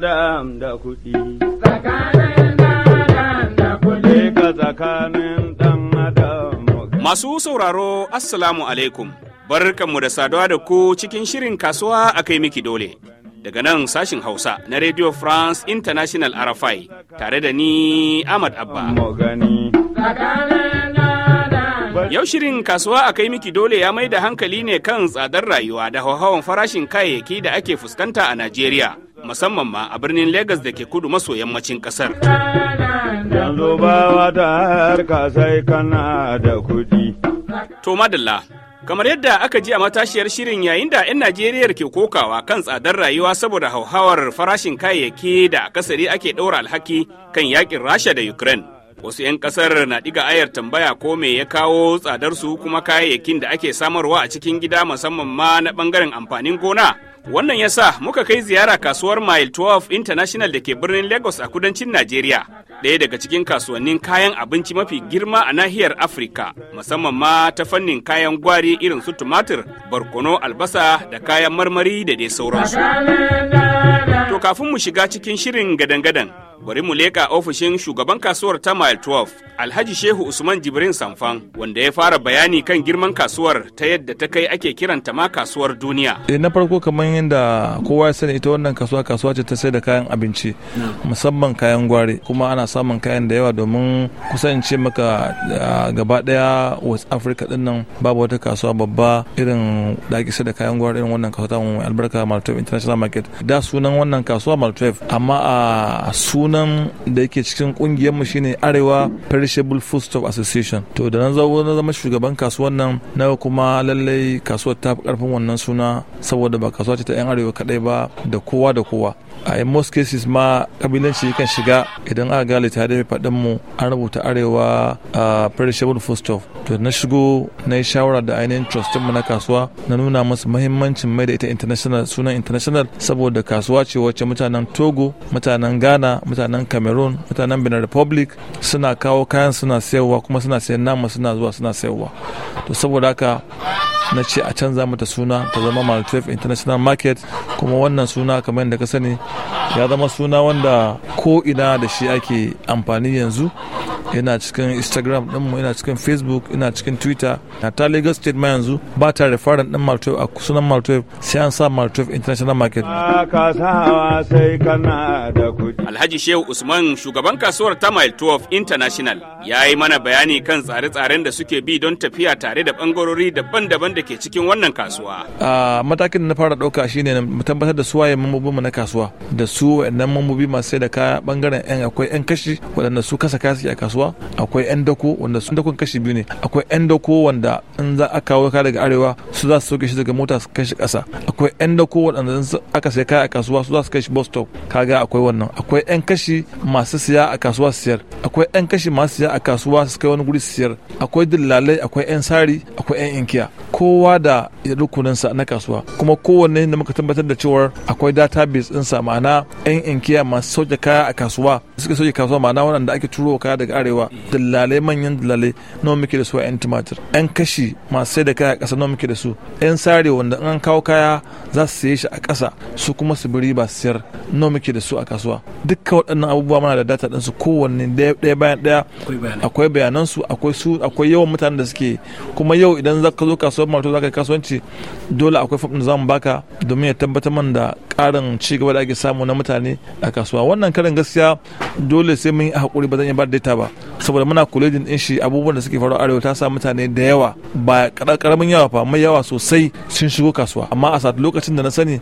dam da kuɗi. Tsakanin Masu sauraro, Assalamu alaikum. Barkanmu da saduwa da ku cikin shirin kasuwa a kai miki dole. Daga nan sashin Hausa na Radio France International RFI tare da ni Ahmad Abba. Yau shirin kasuwa a kai miki dole ya mai da hankali ne kan tsadar rayuwa da hauhawan farashin kayayyaki da ake fuskanta a Najeriya. musamman ma a birnin Legas da ke kudu maso yammacin kasar. Yanzu ba wata harka sai kana da kudi. To madalla, kamar yadda aka ji a matashiyar shirin yayin da 'yan Najeriya ke kokawa kan tsadar rayuwa saboda hauhawar farashin kayayyaki da kasari ake ɗaura alhaki kan yakin Rasha da Ukraine. wasu 'yan kasar na ɗiga ayar tambaya ko me ya kawo tsadar su kuma kayayyakin da ake samarwa a cikin gida musamman ma na ɓangaren amfanin gona Wannan ya sa muka kai ziyara kasuwar Mile 12 International da ke birnin Lagos a kudancin Najeriya. ɗaya daga cikin kasuwannin kayan abinci mafi girma a nahiyar Afirka, musamman ma ta fannin kayan gwari irin su tumatir, barkono, albasa da kayan marmari da dai sauransu. To kafin mu shiga cikin shirin gadan-gadan, bari mu leƙa ofishin shugaban kasuwar ta Mile 12, Alhaji Shehu Usman Jibrin Samfan, wanda ya fara bayani kan girman kasuwar ta yadda ta kai ake kiranta ma kasuwar duniya. Eh, na farko kamar yadda kowa ya sani ita wannan kasuwa kasuwa ce ta sai da kayan abinci, musamman kayan gwari, kuma ana samun kayan da yawa domin kusance maka gaba daya west africa din nan babu wata kasuwa babba irin da da kayan gwar irin wannan kasuwa mu albarka maltov international market da sunan wannan kasuwa maltov amma a sunan da yake cikin kungiyar mu shine arewa perishable food stuff association to da nan zawo na zama shugaban kasuwar nan na kuma lallai kasuwar ta fi karfin wannan suna saboda ba kasuwa ce ta yan arewa kadai ba da kowa da kowa a in most cases ma kabilanci kan shiga idan aka ga misali tare da faɗin mu an rubuta arewa a perishable foodstuff to na shigo na yi shawara da ainihin trustin mu na kasuwa na nuna masu mahimmancin mai da ita international sunan international saboda kasuwa ce wacce mutanen togo mutanen ghana mutanen cameroon mutanen benin republic suna kawo kayan suna sayarwa kuma suna sayan nama suna zuwa suna sayarwa to saboda haka na ce a canza mata suna ta zama maltef international market kuma wannan suna kamar yadda ka sani ya zama suna wanda ko ina da shi ake amfani yanzu yana cikin instagram mu yana cikin facebook yana cikin twitter ta lagos state ma yanzu ba ta referan din maltov a sunan maltov sai an sa maltov international market alhaji shehu usman shugaban kasuwar ta mile 12 international ya yi mana bayani kan tsare-tsaren da suke bi don tafiya tare da bangarori daban-daban da ke cikin wannan kasuwa a matakin da na fara ɗauka shine mu tabbatar da suwaye mu na kasuwa da su wa'annan mambobi masu sai da kaya bangaren yan akwai yan kashi waɗanda su kasa kasi a kasuwa kasuwa akwai 'yan dako wanda sun dakon kashi biyu ne akwai 'yan dako wanda in za a kawo kaya daga arewa su za su soke shi daga mota su kai shi ƙasa akwai 'yan dako wanda waɗanda aka sai kaya a kasuwa su za su kai shi bus stop kaga akwai wannan akwai 'yan kashi masu siya a kasuwa su siyar akwai 'yan kashi masu siya a kasuwa su kai wani guri su siyar akwai dillalai akwai 'yan sari akwai 'yan inkiya kowa da rukuninsa na kasuwa kuma kowanne da muka tabbatar da cewar akwai database ɗinsa ma'ana 'yan inkiya masu sauke kaya a kasuwa suka sauke kasuwa ma'ana waɗanda ake turo kaya daga arewa dillalai manyan dillalai nawa muke da su a 'yan tumatir 'yan kashi masu sai da kaya a ƙasa nawa muke da su 'yan sare wanda an kawo kaya za su saye shi a ƙasa su kuma su biri ba siyar nawa muke da su a kasuwa dukkan waɗannan abubuwa mana da data su kowanne ɗaya bayan ɗaya akwai bayanansu akwai su akwai yawan mutanen da suke kuma yau idan za ka zo kasuwa musamman to zaka kasuwanci dole akwai fam da zamu baka domin ya tabbatar man da karin ci gaba da ake samu na mutane a kasuwa wannan karin gaskiya dole sai mun yi hakuri ba zan iya ba da data ba saboda muna kulejin din shi abubuwan da suke faruwa arewa ta sa mutane da yawa ba karamin yawa fa mai yawa sosai sun shigo kasuwa amma a sat lokacin da na sani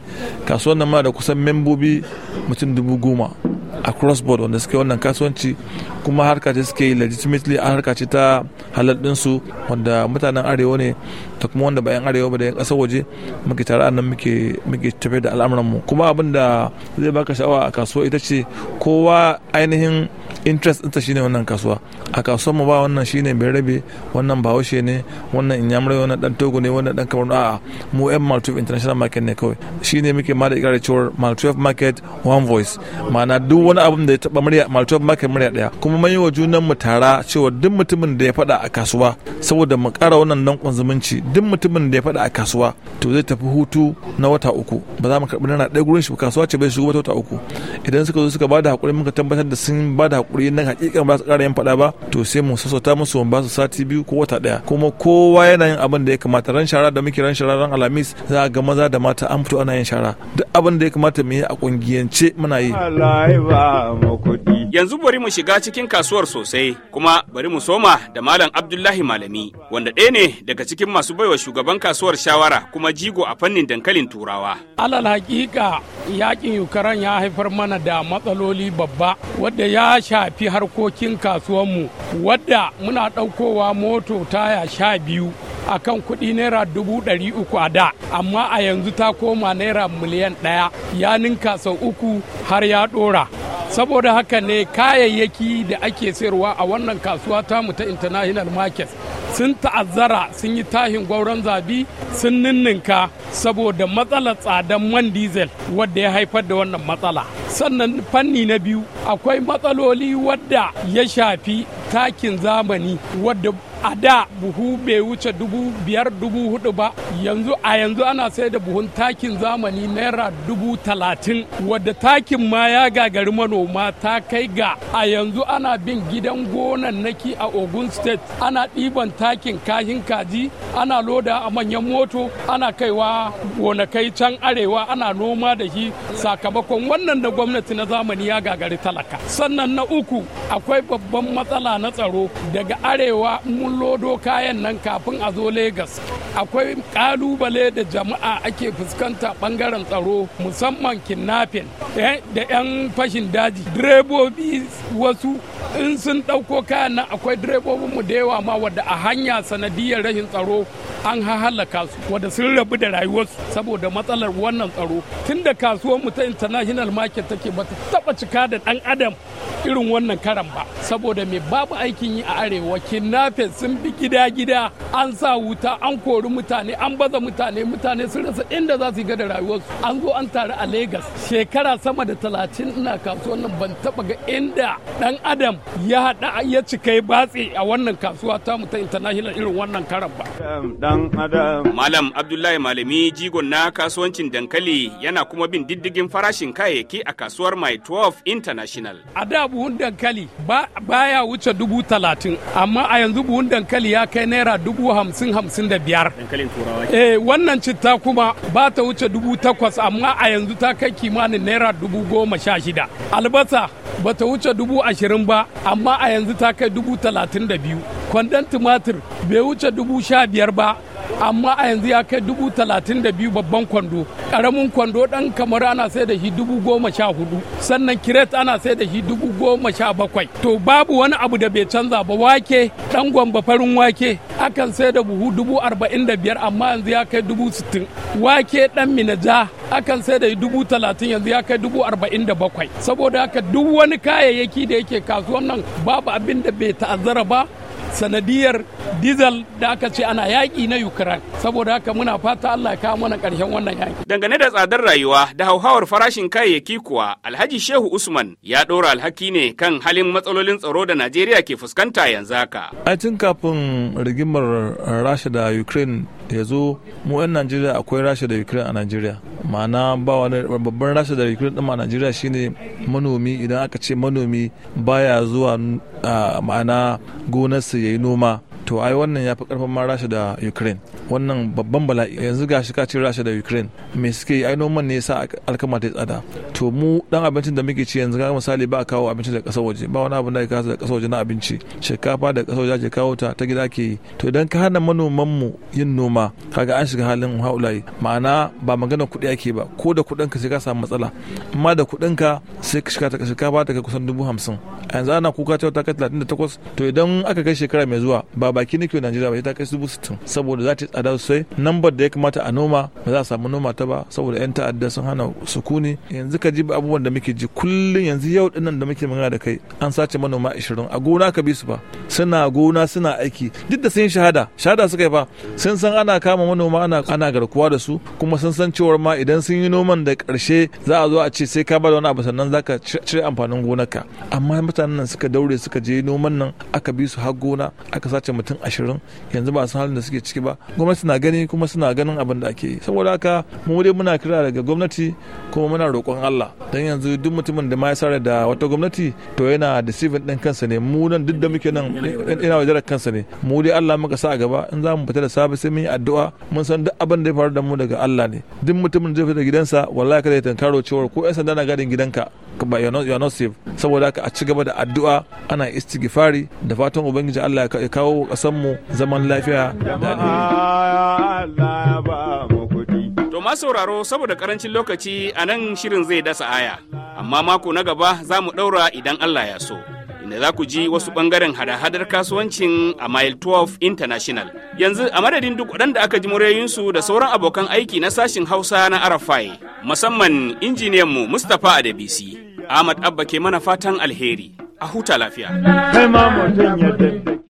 kasuwan nan ma da kusan membobi mutum dubu goma a cross border wanda suke wannan kasuwanci kuma harka ce suke yi legitimately a harka ce ta halal su wanda mutanen arewa ne ta kuma wanda bayan arewa ba da yan kasar waje muke tare a nan muke muke tafiya da mu. kuma abin da zai baka sha'awa a kasuwa ita ce kowa ainihin interest ɗinta shine wannan kasuwa a kasuwar mu ba wannan shine bai rabe wannan bahaushe ne wannan inyamurai wannan dan togo ne wannan dan kamaru a mu yan maltuf international market ne kawai shine muke ma da ikirarin cewar maltuf market one voice ma'ana duk wani abin da ya taba murya maltuf market murya ɗaya. kuma mai wa junan mu tara cewa duk mutumin da ya faɗa a kasuwa saboda mu ƙara wannan dankon zumunci duk mutumin da ya faɗa a kasuwa to zai tafi hutu na wata uku ba za mu karɓi nana ɗaya gurin shi kasuwa ce bai shigo wata uku idan suka zo suka ba da haƙuri muka tabbatar da sun ba da haƙuri na hakikan ba su ƙara yin faɗa ba to sai mu sassauta musu mu ba su sati biyu ko wata ɗaya kuma kowa yana yin abin da ya kamata ran shara da muke ran shara ran alhamis za a ga maza da mata an fito ana yin shara duk abin da ya kamata mu yi a ƙungiyance muna yi. Allah ya ba mu kuɗi. Yanzu bari mu shiga cikin kasuwar sosai kuma bari mu soma da Malam Abdullahi Malami wanda ɗaya ne daga cikin masu baiwa shugaban kasuwar shawara kuma jigo a fannin dankalin turawa. Alal haƙiƙa, Yaƙin ukaran ya haifar mana da matsaloli babba wadda ya shafi harkokin kasuwanmu wadda muna ɗaukowa moto taya sha biyu akan kuɗi naira dubu ɗari uku a da amma a yanzu ta koma naira miliyan ɗaya ya ninka sau uku har ya ɗora saboda haka ne kayayyaki da ake sayarwa a wannan kasuwa tamu ta international market sun ta'azzara sun yi tahin gwauron zabi sun ninninka saboda matsalar tsadan man diesel wadda ya haifar da wannan matsala sannan fanni na biyu akwai matsaloli wadda ya shafi takin zamani wadda a da buhu bai wuce dubu biyar dubu hudu ba yanzu a yanzu ana sai da buhun takin zamani naira dubu talatin wadda takin ma ya gagari manoma ta kai ga a yanzu ana bin gidan gonan naki a ogun state ana ɗiban takin kahin kaji ana loda a manyan moto ana kaiwa gonakai can arewa ana noma da shi sakamakon wannan da gwamnati na zamani ya gagari talaka sannan na uku akwai babban matsala na tsaro daga arewa mun lodo kayan nan kafin a zo Legas. Akwai kalubale da jama'a ake fuskanta bangaren tsaro musamman kidnapping eh, da 'yan fashin daji. Direbobi wasu in sun ɗauko kayan nan akwai direbobin da yawa ma wadda a hanya sanadiyar rashin tsaro an halaka su wanda sun rabu da rayuwarsu saboda matsalar wannan tsaro tun da kasuwar mu ta international market take bata taba cika da dan adam irin wannan karan ba saboda mai babu aikin yi a arewa kidnapping sun bi gida-gida an sa wuta an kori mutane an baza mutane mutane sun rasa inda za su ga da rayuwarsu an zo an taru a Legas shekara sama da talatin ina kasuwar nan ban taba ga inda dan adam ya hada ya cika ya batse a wannan kasuwa ta mu ta international irin wannan karan ba um, dan adam. Malam Abdullahi Malami jigon na kasuwancin dankali yana kuma bin diddigin farashin kayayyaki a kasuwar My 12 International. A da buhun dankali ba baya wuce dubu talatin amma a yanzu buhun dankali ya kai naira dubu hamsin hamsin da biyar. Eh wannan citta kuma ba ta wuce dubu takwas amma a yanzu ta kai kimanin naira dubu goma sha shida. Albasa ba ta wuce dubu ashirin ba amma a yanzu ta kai dubu talatin da biyu. kwandon tumatir bai wuce dubu sha biyar ba amma a yanzu ya kai dubu talatin da biyu babban kwando ƙaramin kwando ɗan kamar ana sai da shi dubu goma sha hudu sannan kiret ana sai da shi dubu goma sha bakwai to babu wani abu da bai canza ba wake ɗan gwamba farin wake akan sai da buhu dubu arba'in da biyar amma yanzu ya kai dubu sittin wake ɗan minaja akan sai da dubu talatin yanzu ya kai dubu arba'in da bakwai saboda haka duk wani kayayyaki da yake kasuwan nan babu abin da bai ta'azzara ba sanadiyar diesel da aka ce ana yaƙi na ukraine saboda haka muna fata allah ya kawo mana ƙarshen wannan yaƙi dangane da tsadar rayuwa da hauhawar farashin kayayyaki kuwa alhaji shehu usman ya ɗora alhaki ne kan halin matsalolin tsaro da najeriya ke fuskanta yanzu haka a tun kafin rigimar rasha da ukraine ya zo mu 'yan najeriya akwai rasha da ukraine a najeriya ma'ana ba wani babban rasha da ukraine din a najeriya shine manomi idan aka ce manomi baya zuwa ah, ma'ana gonarsa ya yi noma to ai wannan ya fi karfin ma rasha da ukraine wannan babban bala'i yanzu ga shi kacin rasha da ukraine me suke yi ai noman ne ya sa alkama ta tsada to mu dan abincin da muke ci yanzu ga misali ba kawo abinci da kasar waje ba wani abin da kasa da kasar waje na abinci shinkafa da kasar waje ake kawo ta ta gida ke yi to idan ka hana manoman mu yin noma kaga an shiga halin haulayi ma'ana ba magana kuɗi ake ba ko da kuɗin ka sai ka samu matsala amma da kuɗin ka sai ka shiga ta shinkafa ta kai kusan dubu hamsin yanzu ana kuka cewa ta kai talatin da takwas to idan aka kai shekara mai zuwa ba baki nake Najeriya ba ta kai dubu sittin saboda za ta yi tsada sosai nambar da ya kamata a noma ba za a samu noma ta ba saboda 'yan ta'adda sun hana sukuni yanzu ka ji abubuwan da muke ji kullum yanzu yau dinnan da muke magana da kai an sace manoma 20 a gona ka bi su ba suna gona suna aiki duk da sun shahada shahada suka yi fa sun san ana kama manoma ana ana garkuwa da su kuma sun san cewar ma idan sun yi noman da karshe za a zo a ce sai ka ba da wani abu sannan zaka cire amfanin gonarka amma mutanen nan suka daure suka je noman nan aka bi su har gona aka sace mutum ashirin yanzu ba san halin da suke ciki ba gwamnati na gani kuma suna ganin abin da ake yi saboda haka mu dai muna kira daga gwamnati kuma muna roƙon Allah dan yanzu duk mutumin da ma ya sare da wata gwamnati to yana da sifin din kansa ne mu nan duk da muke nan ina wajen kansa ne mu dai Allah muka sa a gaba in za mu fita da safe sai mun yi addu'a mun san duk abin da ya faru da mu daga Allah ne duk mutumin da zai fita gidansa wallahi kada ya tankaro cewa ko 'yan sanda na gadin gidanka ba you are not safe saboda haka a ci gaba da addu'a ana istighfari da fatan ubangiji Allah ya kawo kasan mu zaman lafiya da to ma sauraro saboda karancin lokaci a nan shirin zai dasa aya amma mako na gaba za mu daura idan Allah ya so inda za ku ji wasu bangaren hada-hadar kasuwancin a Mile 12 International. Yanzu a madadin duk waɗanda aka ji murayoyinsu da sauran abokan aiki na sashin Hausa na Arafai, musamman injiniyan injiniyanmu Mustapha Adabisi, Ahmad Abba ke mana fatan alheri, a huta lafiya.